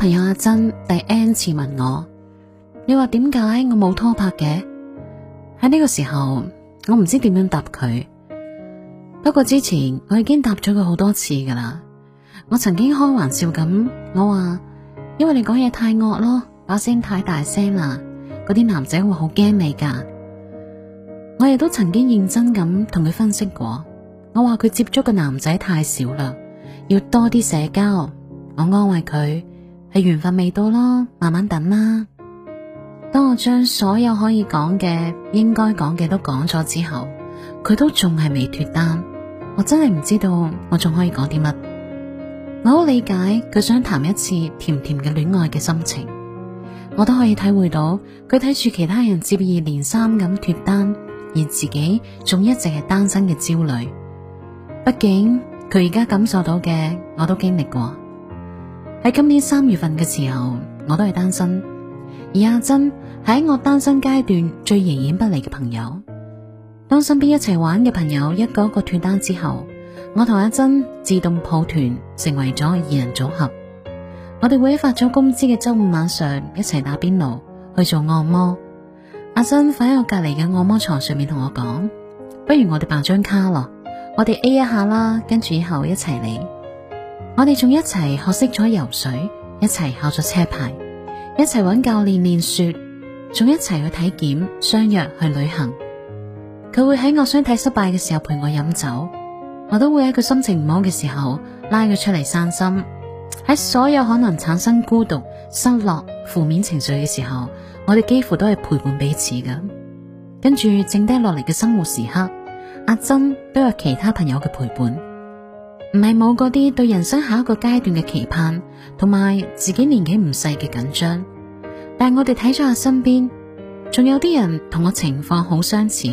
朋友阿珍第 n 次問我，你話點解我冇拖拍嘅？喺呢個時候，我唔知點樣答佢。不過之前我已經答咗佢好多次噶啦。我曾經開玩笑咁，我話因為你講嘢太惡咯，把聲太大聲啦，嗰啲男仔會好驚你噶。我亦都曾經認真咁同佢分析過，我話佢接觸嘅男仔太少啦，要多啲社交。我安慰佢。係緣分未到咯，慢慢等啦。當我將所有可以講嘅，應該講嘅都講咗之後，佢都仲係未脫單，我真係唔知道我仲可以講啲乜。我好理解佢想談一次甜甜嘅戀愛嘅心情，我都可以體會到佢睇住其他人接二連三咁脫單，而自己仲一直係單身嘅焦慮。畢竟佢而家感受到嘅，我都經歷過。喺今年三月份嘅時候，我都係單身，而阿珍係喺我單身階段最形影不離嘅朋友。當身邊一齊玩嘅朋友一個一個脱單之後，我同阿珍自動抱團，成為咗二人組合。我哋會喺發咗工資嘅周五晚上一齊打邊爐，去做按摩。阿珍瞓喺我隔籬嘅按摩床上面同我講：不如我哋辦張卡咯，我哋 A 一下啦，跟住以後一齊嚟。我哋仲一齊學識咗游水，一齊考咗車牌，一齊搵教練練雪，仲一齊去體檢，相約去旅行。佢會喺我相睇失敗嘅時候陪我飲酒，我都會喺佢心情唔好嘅時候拉佢出嚟散心。喺所有可能產生孤獨、失落、負面情緒嘅時候，我哋幾乎都係陪伴彼此嘅。跟住剩低落嚟嘅生活時刻，阿珍都有其他朋友嘅陪伴。唔係冇嗰啲對人生下一個階段嘅期盼，同埋自己年紀唔細嘅緊張。但係我哋睇咗下身邊，仲有啲人同我情況好相似，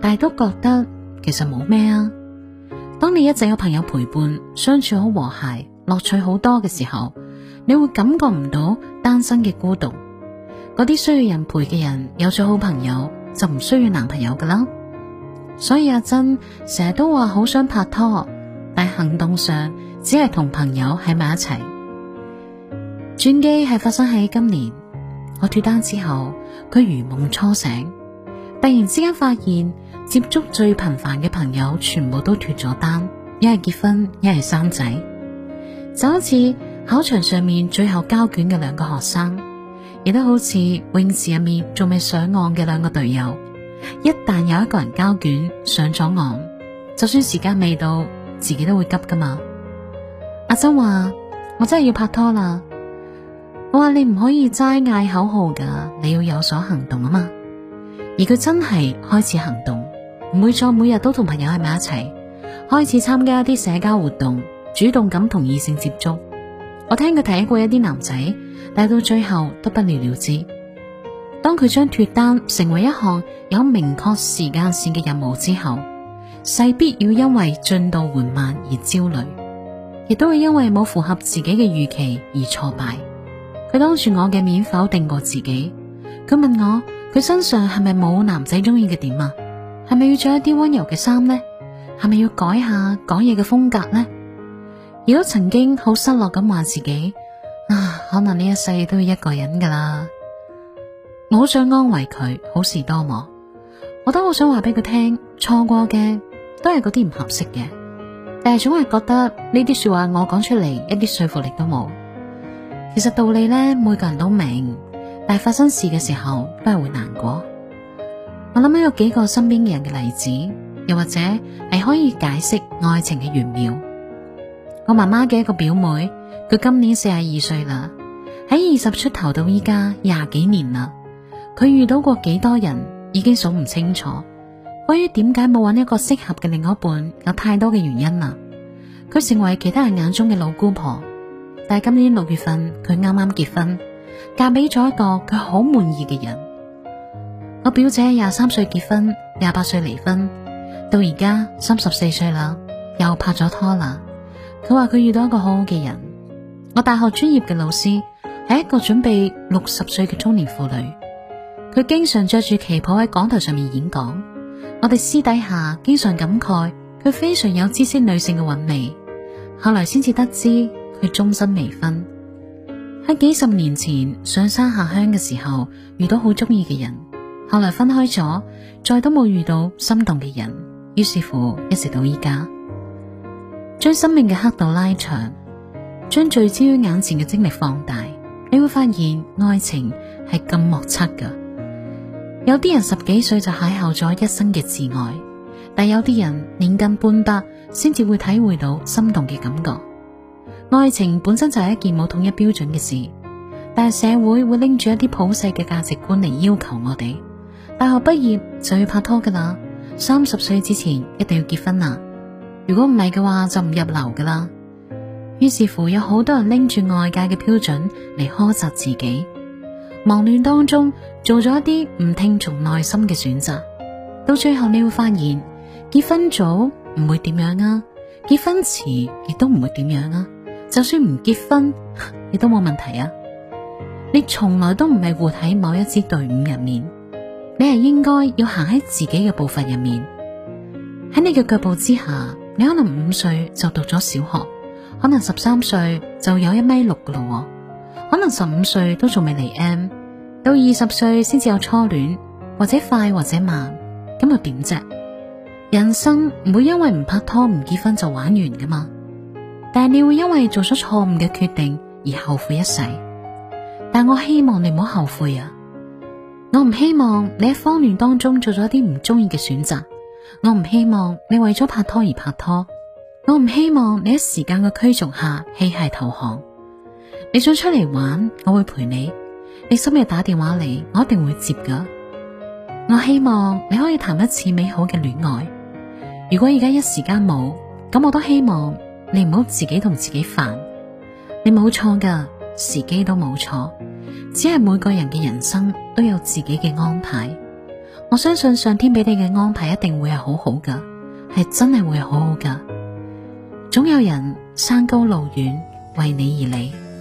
但係都覺得其實冇咩啊。當你一直有朋友陪伴，相處好和諧，樂趣好多嘅時候，你會感覺唔到單身嘅孤獨。嗰啲需要人陪嘅人，有咗好朋友就唔需要男朋友㗎啦。所以阿珍成日都話好想拍拖。但行動上只係同朋友喺埋一齊。轉機係發生喺今年，我脫單之後，佢如夢初醒，突然之間發現接觸最頻繁嘅朋友全部都脫咗單，一係結婚，一係生仔，就好似考場上面最後交卷嘅兩個學生，亦都好似泳池入面仲未上岸嘅兩個隊友。一旦有一個人交卷上咗岸，就算時間未到，自己都會急噶嘛？阿珍話：我真係要拍拖啦！我話你唔可以齋嗌口號噶，你要有所行動啊嘛。而佢真係開始行動，唔會再每日都同朋友喺埋一齊，開始參加一啲社交活動，主動咁同異性接觸。我聽佢睇過一啲男仔，但係到最後都不了了之。當佢將脫單成為一項有明確時間線嘅任務之後，勢必要因為進度緩慢而焦慮，亦都會因為冇符合自己嘅預期而挫敗。佢當住我嘅面否定過自己，佢問我，佢身上係咪冇男仔中意嘅點啊？係咪要着一啲温柔嘅衫呢？係咪要改下講嘢嘅風格呢？亦都曾經好失落咁話自己啊，可能呢一世都要一個人噶啦。我好想安慰佢，好事多磨。我都好想話俾佢聽，錯過嘅。都係嗰啲唔合適嘅，但係總係覺得呢啲說話我講出嚟一啲說服力都冇。其實道理咧，每個人都明，但係發生事嘅時候都係會難過。我諗起有幾個身邊嘅人嘅例子，又或者係可以解釋愛情嘅玄妙。我媽媽嘅一個表妹，佢今年四廿二歲啦，喺二十出頭到依家廿幾年啦，佢遇到過幾多人已經數唔清楚。關於點解冇揾一個適合嘅，另一半有太多嘅原因啦。佢成為其他人眼中嘅老姑婆，但係今年六月份佢啱啱結婚，嫁俾咗一個佢好滿意嘅人。我表姐廿三歲結婚，廿八歲離婚，到而家三十四歲啦，又拍咗拖啦。佢話佢遇到一個好好嘅人。我大學專業嘅老師係一個準備六十歲嘅中年婦女，佢經常着住旗袍喺講台上面演講。我哋私底下經常感慨佢非常有知識女性嘅韻味，後來先至得知佢終身未婚。喺幾十年前上山下鄉嘅時候遇到好中意嘅人，後來分開咗，再都冇遇到心動嘅人，於是乎一直到依家，將生命嘅刻度拉長，將聚焦於眼前嘅精力放大，你會發現愛情係咁莫測噶。有啲人十幾歲就邂逅咗一生嘅摯愛，但有啲人年近半百先至會體會到心動嘅感覺。愛情本身就係一件冇統一標準嘅事，但係社會會拎住一啲普世嘅價值觀嚟要求我哋。大學畢業就要拍拖噶啦，三十歲之前一定要結婚啦。如果唔係嘅話就唔入流噶啦。於是乎，有好多人拎住外界嘅標準嚟苛責自己。忙亂當中做咗一啲唔聽從內心嘅選擇，到最後你會發現結婚早唔會點樣啊，結婚遲亦都唔會點樣啊，就算唔結婚亦都冇問題啊。你從來都唔係活喺某一支隊伍入面，你係應該要行喺自己嘅部分入面。喺你嘅腳步之下，你可能五歲就讀咗小學，可能十三歲就有一米六嘅咯，可能十五歲都仲未嚟 M。到二十歲先至有初戀，或者快或者慢，咁又點啫？人生唔會因為唔拍拖唔結婚就玩完噶嘛，但係你會因為做咗錯誤嘅決定而後悔一世。但我希望你唔好後悔啊！我唔希望你喺慌亂當中做咗一啲唔中意嘅選擇，我唔希望你為咗拍拖而拍拖，我唔希望你喺時間嘅驅逐下棄械投降。你想出嚟玩，我會陪你。你深夜打電話嚟，我一定會接噶。我希望你可以談一次美好嘅戀愛。如果而家一時間冇，咁我都希望你唔好自己同自己煩。你冇錯噶，時機都冇錯，只係每個人嘅人生都有自己嘅安排。我相信上天俾你嘅安排一定會係好好噶，係真係會好好噶。總有人山高路遠，為你而嚟。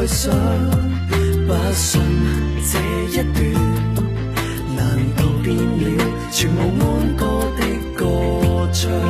不想不信這一段，難道變了？全無安歌的歌唱。